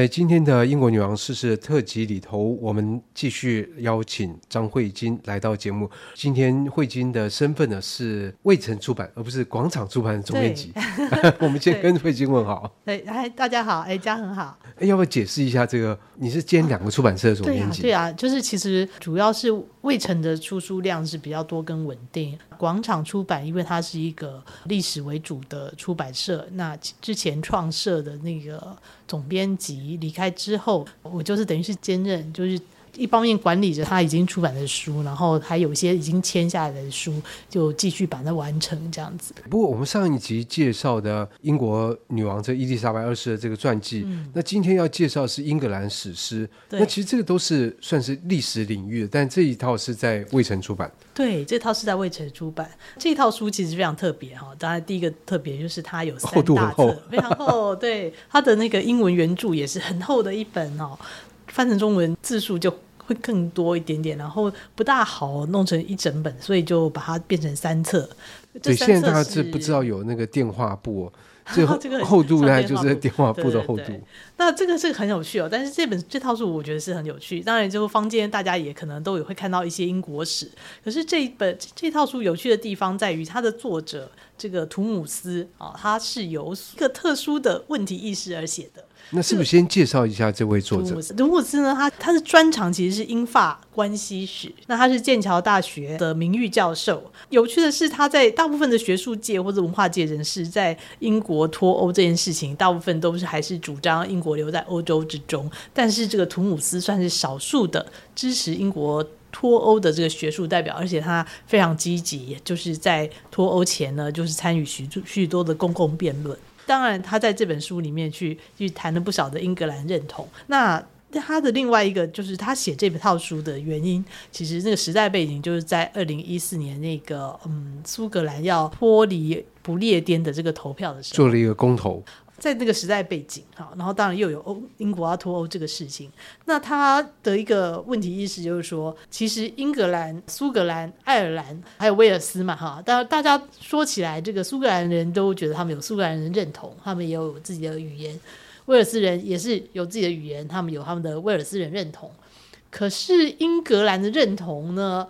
在今天的英國女王逝世特輯裡頭，我們繼續邀請張惠菁來到節目。今天惠菁的身份呢，是衛城出版，而不是廣場出版的總編輯。啊、 我們先跟惠菁問好。哎，大家好，哎，家恆好。要不要解釋一下這個？你是兼兩個出版社的總編輯？對啊，就是其實主要是。衛城的出書量是比較多跟穩定，廣場出版因為它是一個歷史為主的出版社，那之前創設的那個總編輯離開之後，我就是等於是兼任，就是。一方面管理着他已經出版的書，然後還有一些已經簽下來的書，就繼續把它完成這樣子。不過我們上一集介紹的英國女王這伊麗莎白二世的這個傳記，嗯、那今天要介紹的是英格蘭史詩。那其實這個都是算是歷史領域的，但這一套是在衛城出版的。對，這套是在衛城出版。這一套書其實非常特別哈、哦，當然第一個特別就是它有三大冊，厚度很厚，非常厚。對，它的那個英文原著也是很厚的一本哦。翻成中文字數就會更多一點點，然後不大好弄成一整本，所以就把它變成三冊。對，這三冊是現在大家是不知道有那個電話簿？最後這個厚，厚度呢，就是電話簿的厚度。對對對。那這個是很有趣哦，但是這本這套書我覺得是很有趣。當然，就是坊間大家也可能都有會看到一些英國史，可是這一本這，這套書有趣的地方在於它的作者這個圖姆斯啊、哦，他是由一個特殊的問題意識而寫的。那是不是先介紹一下這位作者？這個圖姆斯呢？他他的專長其實是英法關係史。那他是劍橋大學的名譽教授。有趣的是，他在大部分的學術界或者文化界人士，在英國脫歐這件事情，大部分都是還是主張英國留在歐洲之中。但是這個圖姆斯算是少數的支持英國脫歐的這個學術代表，而且他非常積極，就是在脫歐前呢，就是參與許許多的公共辯論。當然，他在這本書裡面去去談了不少的英格蘭認同。那他的另外一個就是他寫這本套書的原因，其實那個時代背景就是在二零一四年那個嗯，蘇格蘭要脫離不列顛的這個投票的時候，做了一個公投。在那個時代背景，哈，然後當然又有歐英國阿脫歐這個事情，那他的一個問題意識就是說，其實英格蘭、蘇格蘭、愛爾蘭還有威爾斯嘛，哈，但大家說起來，這個蘇格蘭人都覺得他們有蘇格蘭人認同，他們也有自己的語言，威爾斯人也是有自己的語言，他們有他們的威爾斯人認同，可是英格蘭的認同呢？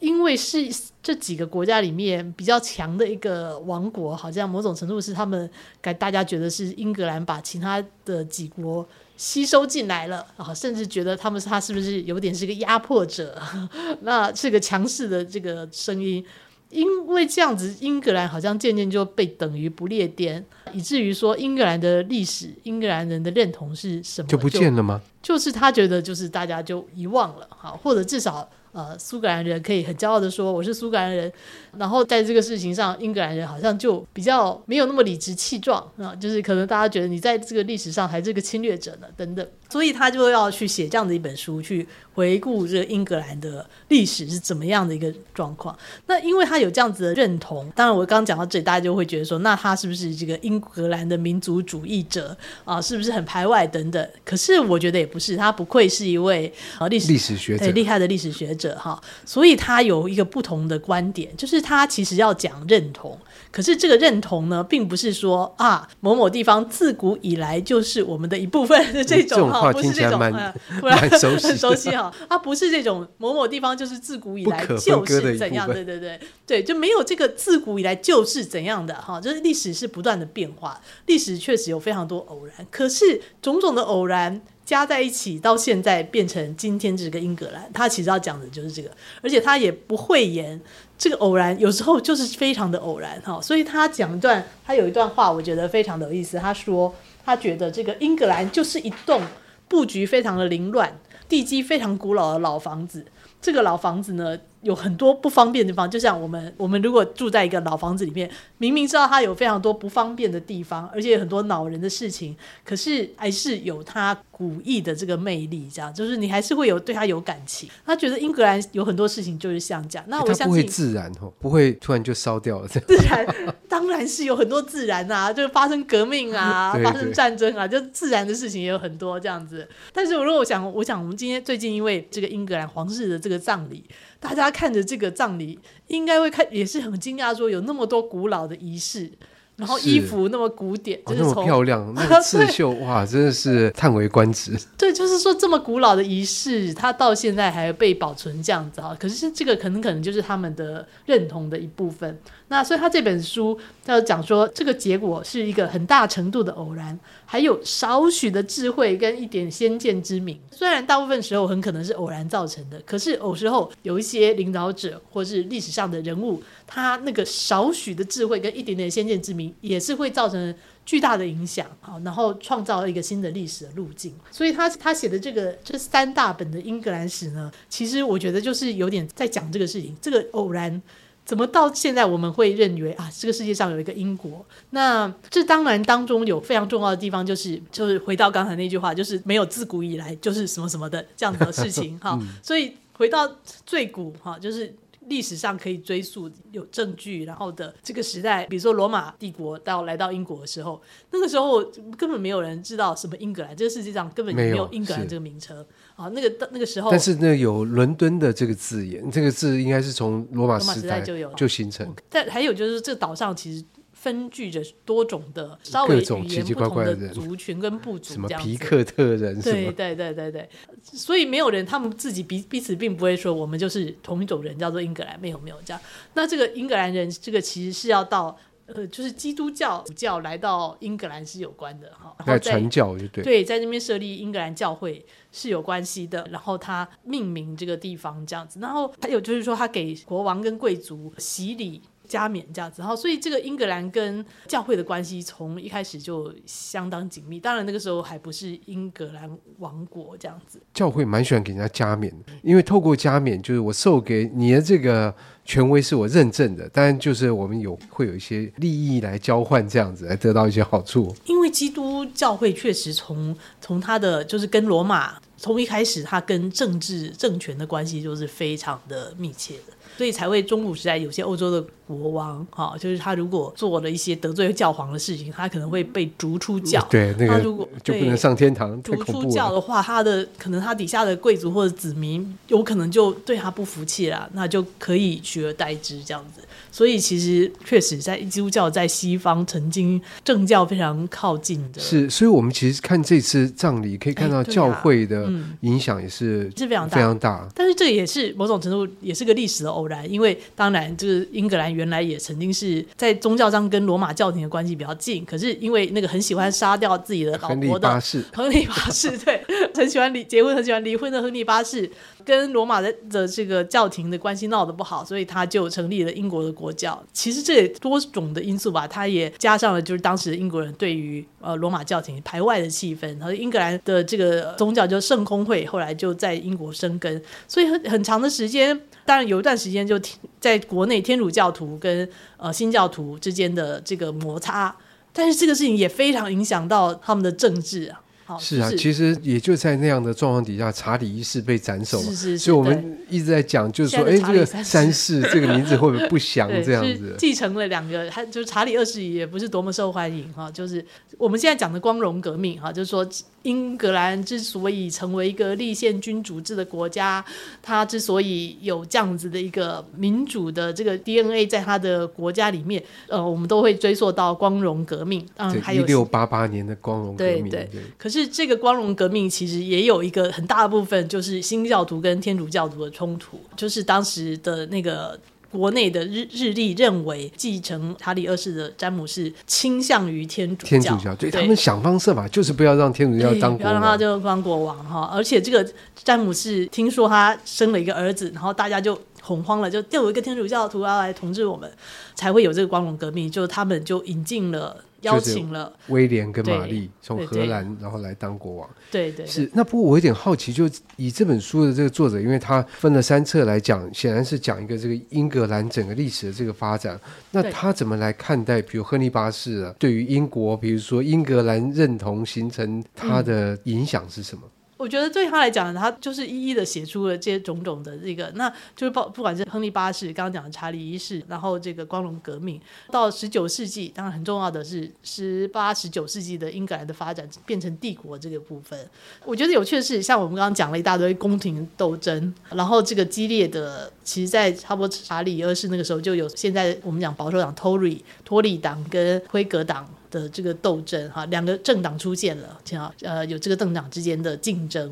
因為是這幾個國家裡面比較強的一個王國，好像某種程度是他們，給大家覺得是英格蘭把其他的幾國吸收進來了啊，甚至覺得他們他是不是有點是個壓迫者？呵呵，那是個強勢的這個聲音，因為這樣子，英格蘭好像漸漸就被等於不列顛，以至於說英格蘭的歷史、英格蘭人的認同是什麼就不見了嗎就？就是他覺得就是大家就遺忘了哈，啊，或者至少。呃，蘇格蘭人可以很驕傲的說我是蘇格蘭人，然後在這個事情上，英格蘭人好像就比較沒有那麼理直氣壯啊，就是可能大家覺得你在這個歷史上還是個侵略者呢，等等，所以他就要去寫這樣的一本書，去回顧這個英格蘭的歷史是怎麼樣的一個狀況。那因為他有這樣子的認同，當然我剛講到這裡，大家就會覺得說，那他是不是這個英格蘭的民族主義者啊？是不是很排外等等？可是我覺得也不是，他不愧是一位啊歷史歷史學者，對，厲害的歷史學者。哈，所以他有一個不同的觀點，就是他其實要講認同，可是這個認同呢，並不是說啊，某某地方自古以來就是我們的一部分的這種哈，不是這種，啊、蠻熟悉的， 很熟悉哈，他、啊、不是這種某某地方就是自古以來就是怎樣的，對對對，對，就沒有這個自古以來就是怎樣的哈、啊，就是歷史是不斷的變化，歷史確實有非常多偶然，可是種種的偶然。加在一起，到現在變成今天這個英格蘭，他其實要講的就是這個，而且他也不諱言這個偶然，有時候就是非常的偶然哈。所以他講一段，他有一段話，我覺得非常的有意思。他說，他覺得這個英格蘭就是一棟布局非常的凌亂、地基非常古老的老房子，這個老房子呢，有很多不方便的地方，就像我們，我們如果住在一個老房子裡面，明明知道它有非常多不方便的地方，而且有很多惱人的事情，可是還是有它古意的這個魅力，這樣就是你還是會有對它有感情。他覺得英格蘭有很多事情就是像這樣，那我相信自然哦，不會突然就燒掉了。這樣自然當然是有很多自然啊，就發生革命啊 對對，發生戰爭啊，就自然的事情也有很多這樣子。但是如果我想，我想我們今天最近因為這個英格蘭皇室的這個葬禮。大家看着這個葬禮，應該會看也是很驚訝，說有那麼多古老的儀式，然後衣服那麼古典，是就是從、哦、那麼漂亮，那刺繡 哇，真的是嘆為觀止。對，就是說這麼古老的儀式，它到現在還被保存這樣子啊、哦。可是這個可能可能就是他們的認同的一部分。那所以他這本書要講說，這個結果是一個很大程度的偶然，還有少許的智慧跟一點先見之明。雖然大部分時候很可能是偶然造成的，可是有時候有一些領導者或是歷史上的人物，他那個少許的智慧跟一點點先見之明，也是會造成巨大的影響啊，然後創造了一個新的歷史的路徑。所以他他寫的這個這三大本的英格蘭史呢，其實我覺得就是有點在講這個事情，這個偶然。怎麼到現在我們會認為啊，這個世界上有一個英國？那這當然當中有非常重要的地方，就是就是回到剛才那句話，就是沒有自古以來就是什麼什麼的這樣的事情哈、 哦。所以回到最古哈、哦，就是。歷史上可以追溯有證據，然後的這個時代，比如說羅馬帝國到來到英國的時候，那個時候根本沒有人知道什麼英格蘭，這個世界上根本就沒有英格蘭這個名稱啊。那個那個時候，但是那有倫敦的這個字眼，這個字應該是從羅馬時代就，時代就有了，就形成。但還有就是這個島上其實，分聚着多種的，稍微語言不同的族群跟部族，什麼皮克特人，對對對對對，所以沒有人，他們自己彼彼此並不會說我們就是同一種人，叫做英格蘭，沒有沒有這樣。那這個英格蘭人，這個其實是要到呃，就是基督教教來到英格蘭是有關的，哈，然後傳教就對，在那邊設立英格蘭教會是有關係的，然後他命名這個地方這樣子，然後還有就是說他給國王跟貴族洗禮。加冕這樣子好。所以這個英格蘭跟教會的關係從一開始就相當緊密。當然那個時候還不是英格蘭王國這樣子。教會蠻喜歡給人家加冕，嗯、因為透過加冕，就是我授給你的這個權威是我認證的。當然，就是我們有會有一些利益來交換，這樣子來得到一些好處。因為基督教會確實從從他的就是跟羅馬從一開始，他跟政治政權的關係就是非常的密切的。所以才會中古時代有些歐洲的國王，哈、哦，就是他如果做了一些得罪教皇的事情，他可能會被逐出教。嗯、對，那個那如果就不能上天堂，太恐怖了，逐出教的話，他的可能他底下的貴族或者子民有可能就對他不服氣了，那就可以取而代之這樣子。所以其實確實在基督教在西方曾經政教非常靠近的。是，所以我們其實看這次葬禮，可以看到教會的影響也是是非常大、哎啊嗯、是非常大。但是這也是某種程度也是個歷史的偶然。因為當然，就是英格蘭原來也曾經是在宗教上跟羅馬教廷的關係比較近，可是因為那個很喜歡殺掉自己的老婆的亨利八世，對， 很喜歡離結婚，很喜歡離婚的亨利八世。跟羅馬的的這個教廷的關係鬧得不好，所以他就成立了英國的國教。其實這也多種的因素吧，他也加上了就是當時英國人對於呃羅馬教廷排外的氣氛，和英格蘭的這個宗教叫聖公會，後來就在英國生根。所以很很長的時間，當然有一段時間就在國內天主教徒跟呃新教徒之間的這個摩擦，但是這個事情也非常影響到他們的政治啊。是，是啊，其實也就在那樣的狀況底下，查理一世被斬首了，是是是是。所以，我們一直在講，就是說，誒，這個三世這個名字會不會不祥？ 這樣子？繼承了兩個，他就是查理二世也不是多麼受歡迎哈。就是我們現在講的光榮革命哈，就是說。英格蘭之所以成為一個立憲君主制的國家，它之所以有這樣子的一個民主的這個 DNA 在它的國家裡面，呃，我們都會追溯到光榮革命。嗯，是還有。一六八八年的光榮革命。對對對，對。可是這個光榮革命其實也有一個很大的部分，就是新教徒跟天主教徒的衝突，就是當時的那個。國內的日日歷認為，繼承查理二世的詹姆士傾向於天主教。天主教，對對他們想方設法就是不要讓天主教當國王不要讓他就當國王哈。而且這個詹姆士聽說他生了一個兒子，然後大家就恐慌了，就又有一個天主教徒要來統治我們，才會有這個光榮革命，就是他們就引進了。邀請了、就是、威廉跟瑪麗從荷蘭，然後來當國王。對對，是。對對對。那不過我有點好奇，就以這本書的這個作者，因為他分了三冊來講，顯然是講一個這個英格蘭整個歷史的這個發展。那他怎麼來看待，比如亨利八世啊對於英國，比如說英格蘭認同形成他的影響是什麼？嗯我覺得對他來講，他就是一一的寫出了這些種種的這個，那就是包不管是亨利八世剛剛講的查理一世，然後這個光榮革命到十九世紀，當然很重要的是十八、十九世紀的英格蘭的發展變成帝國這個部分。我覺得有趣的是，像我們剛剛講了一大堆宮廷鬥爭，然後這個激烈的，其實，在差不多查理二世那個時候就有現在我們講保守黨 Tory 托利黨跟輝格黨。的這個鬥爭哈，兩個政黨出現了，好、呃，呃有這個政黨之間的競爭。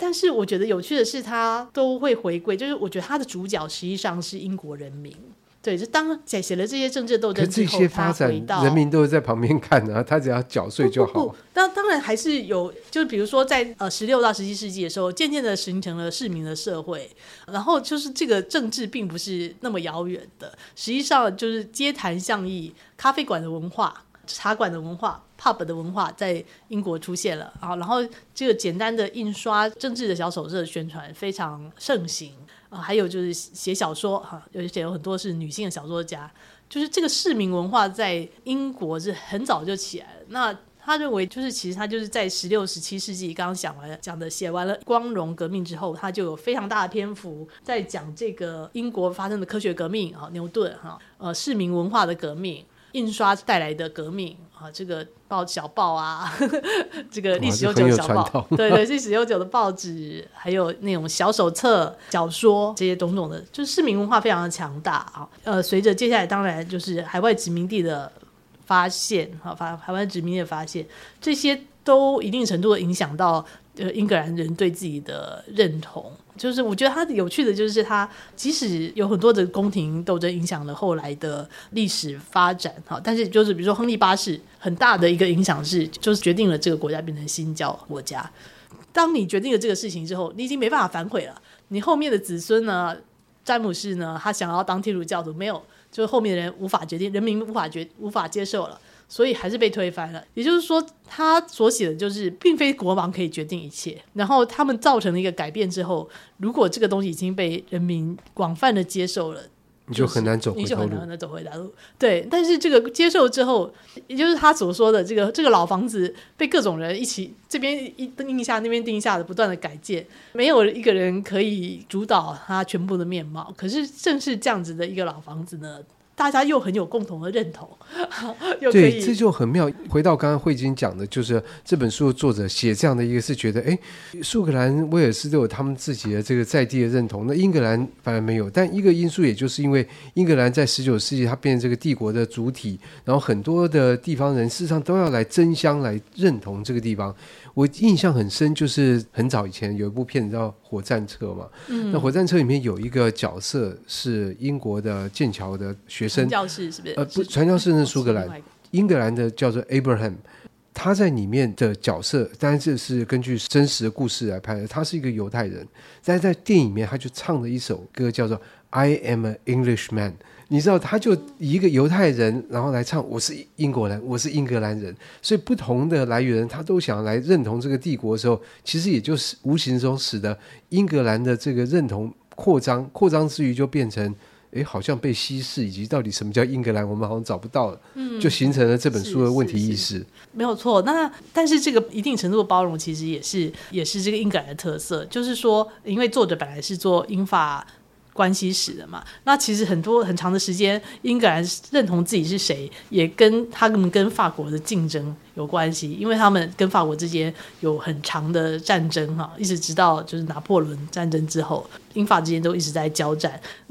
但是我覺得有趣的是，他都會回歸，就是我覺得他的主角實際上是英國人民。對，就當寫寫了這些政治鬥爭之後，發展人民都會在旁邊看啊，他只要繳稅就好。當當然還是有，就是比如說在呃十六到十七世紀的時候，漸漸的形成了市民的社會，然後就是這個政治並不是那麼遙遠的，實際上就是街談巷議、咖啡館的文化。茶館的文化，pub 的文化在英國出現了啊，然後這個簡單的印刷政治的小手冊宣傳非常盛行啊、呃，還有就是寫小說哈，而且有很多是女性的小說家，就是這個市民文化在英國是很早就起來了。那他認為就是其實他就是在十六、十七世紀剛剛講完了講的，寫完了光榮革命之後，他就有非常大的篇幅在講這個英國發生的科學革命啊，牛頓哈、啊，呃，市民文化的革命。印刷帶來的革命啊，這個報小報啊，呵呵這個歷史悠久小報，對，對對，歷史悠久的報紙， 還有那種小手冊、小說這些種種的，就是市民文化非常的強大啊。呃，隨着接下來當然就是海外殖民地的發現啊，發海外殖民地的發現，這些都一定程度的影響到英格蘭人對自己的認同，就是我覺得他有趣的就是，他即使有很多的宮廷鬥爭影響了後來的歷史發展，哈，但是就是比如說亨利八世，很大的一個影響是，就是決定了這個國家變成新教國家。當你決定了這個事情之後，你已經沒辦法反悔了。你後面的子孫呢，詹姆士呢，他想要當天主教徒，沒有，就是後面的人無法決定，人民無法決無法接受了。所以還是被推翻了，也就是說，他所寫的就是，並非國王可以決定一切。然後他們造成了一個改變之後，如果這個東西已經被人民廣泛的接受了，就是，你就很難走回頭路。你就很難很難走回頭路。對，但是這個接受之後，也就是他所說的這個這個老房子被各種人一起這邊一定下，那邊定下的不斷的改建，沒有一個人可以主導它全部的面貌。可是正是這樣子的一個老房子呢。大家又很有共同的認同，對，這就很妙。回到剛剛惠菁講的，就是這本書的作者寫這樣的一個，是覺得，哎，蘇格蘭、威爾斯都有他們自己的這個在地的認同，那英格蘭反而沒有。但一個因素，也就是因為英格蘭在十九世紀它變成這個帝國的主體，然後很多的地方人事實上都要來爭相來認同這個地方。我印象很深，就是很早以前有一部片叫《火戰車》嘛，嗯、那《火戰車》裡面有一個角色是英國的劍橋的學。傳教士是不是？呃，不，傳教士是蘇格蘭，英格蘭的叫做 Abraham，他在裡面的角色，但是這是根據真實的故事來拍的。他是一個猶太人，但是在電影裡面，他就唱了一首歌叫做《I Am an Englishman》，你知道，他就一個猶太人，然後來唱我是英國人，我是英格蘭人。所以不同的來源，他都想來認同這個帝國的時候，其實也就是無形中使得英格蘭的這個認同擴張，擴張之餘就變成。哎，好像被稀釋，以及到底什麼叫英格蘭，我們好像找不到了，嗯，就形成了這本書的問題意識。是是是，沒有錯，那但是這個一定程度的包容，其實也是也是這個英格蘭的特色，就是說，因為作者本來是做英法。關係史的嘛，那其實很多很長的時間，英格蘭認同自己是誰，也跟他們跟法國的競爭有關係，因為他們跟法國之間有很長的戰爭哈、啊，一直直到就是拿破崙戰爭之後，英法之間都一直在交戰。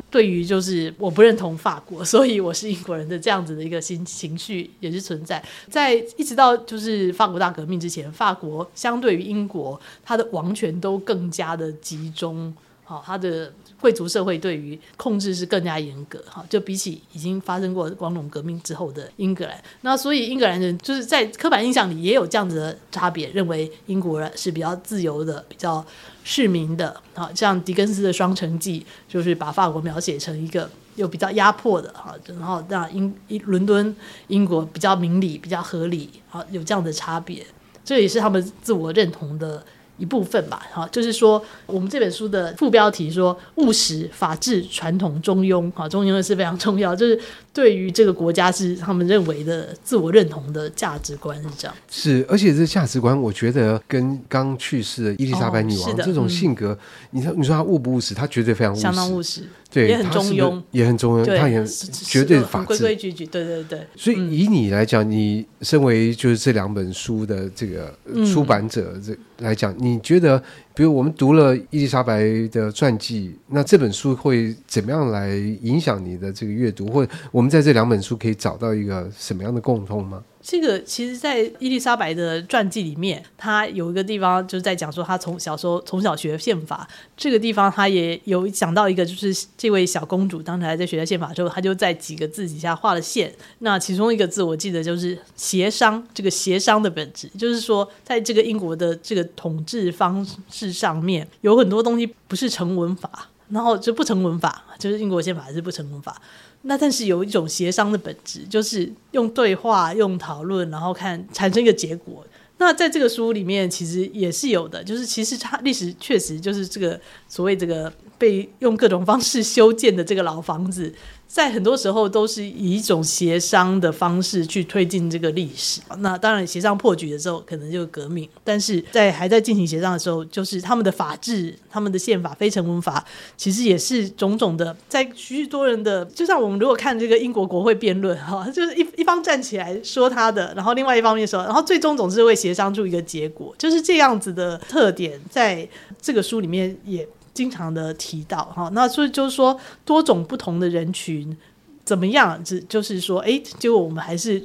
對於就是我不認同法國，所以我是英國人的這樣子的一個心情緒也是存在，在一直到就是法國大革命之前，法國相對於英國，它的王權都更加的集中。好，他的貴族社會對於控制是更加嚴格。哈，就比起已經發生過光榮革命之後的英格蘭，那所以英格蘭人就是在刻板印象裡也有這樣子的差別，認為英國人是比較自由的、比較市民的。好，像狄更斯的《雙城記》就是把法國描寫成一個又比較壓迫的。哈，然後讓英倫敦、英國比較明理、比較合理。好，有這樣的差別，這也是他們自我認同的一部分吧，哈，就是說，我們這本書的副標題說“務實、法治、傳統、中庸”，好，中庸是非常重要，就是。對於這個國家是他們認為的自我認同的價值觀是這樣。是，而且這個價值觀，我覺得跟剛去世的伊麗莎白女王、哦、是這種性格，嗯、你說，你說她務不務實？她絕對非常務實，相當務實。對，很中庸，也很中庸，她是不是也很中庸？對，他也很絕對是法治，規規矩矩。對對對。所以，以你來講，嗯，你身為就是這兩本書的這個出版者，這來講，嗯，你覺得？比如我們讀了伊麗莎白的傳記，那這本書會怎麼樣來影響你的這個閱讀？或者我們在這兩本書可以找到一個什麼樣的共通嗎？這個其實，在伊麗莎白的傳記裡面，她有一個地方就是在講說，她從小時候從小學憲法這個地方，她也有講到一個，就是這位小公主當時還在學憲法之後，她就在幾個字底下畫了線。那其中一個字，我記得就是“協商”。這個“協商”的本質就是說，在這個英國的這個統治方式上面，有很多東西不是成文法，然後就不成文法，就是英國憲法還是不成文法。那但是有一種協商的本質，就是用對話、用討論，然後看產生一個結果。那在這個書裡面，其實也是有的，就是其實它歷史確實就是這個所謂這個被用各種方式修建的這個老房子。在很多時候都是以一種協商的方式去推進這個歷史。那當然，協商破局的時候可能就革命；但是在還在進行協商的時候，就是他們的法治、他們的憲法、非成文法，其實也是種種的。在許許多人的，就像我們如果看這個英國國會辯論，啊，哈，就是一一方站起來說他的，然後另外一方面說，然後最終總是會協商出一個結果，就是這樣子的特點，在這個書裡面也。經常的提到哈，那所以就是說多種不同的人群怎麼樣？只就是說，哎，結果我們還是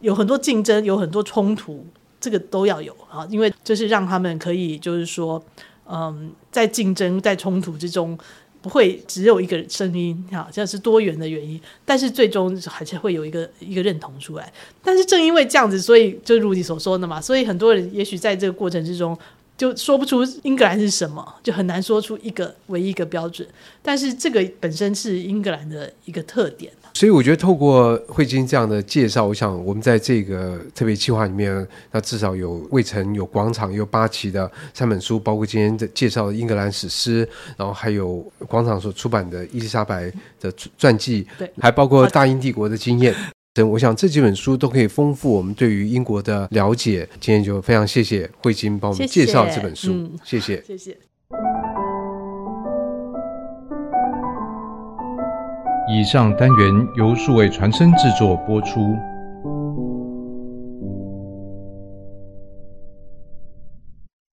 有很多競爭，有很多衝突，這個都要有啊，因為就是讓他們可以就是說，嗯，在競爭、在衝突之中，不會只有一個聲音啊，這是多元的原因。但是最終還是會有一個一個認同出來。但是正因為這樣子，所以就如你所說的嘛，所以很多人也許在這個過程之中。就說不出英格蘭是什麼，就很難說出一個唯一一個標準。但是這個本身是英格蘭的一個特點。所以我覺得透過惠菁這樣的介紹，我想我們在這個特別計劃裡面，那至少有衛城、有廣場、有八旗的三本書，包括今天的介紹的英格蘭史詩，然後還有廣場所出版的伊麗莎白的傳記，對，還包括大英帝國的經驗。 我想這幾本書都可以豐富我們對於英國的了解。今天就非常謝謝惠菁幫我們介紹這本書，謝謝謝謝，嗯，謝謝嗯，謝謝，謝謝。以上單元由數位傳聲製作播出。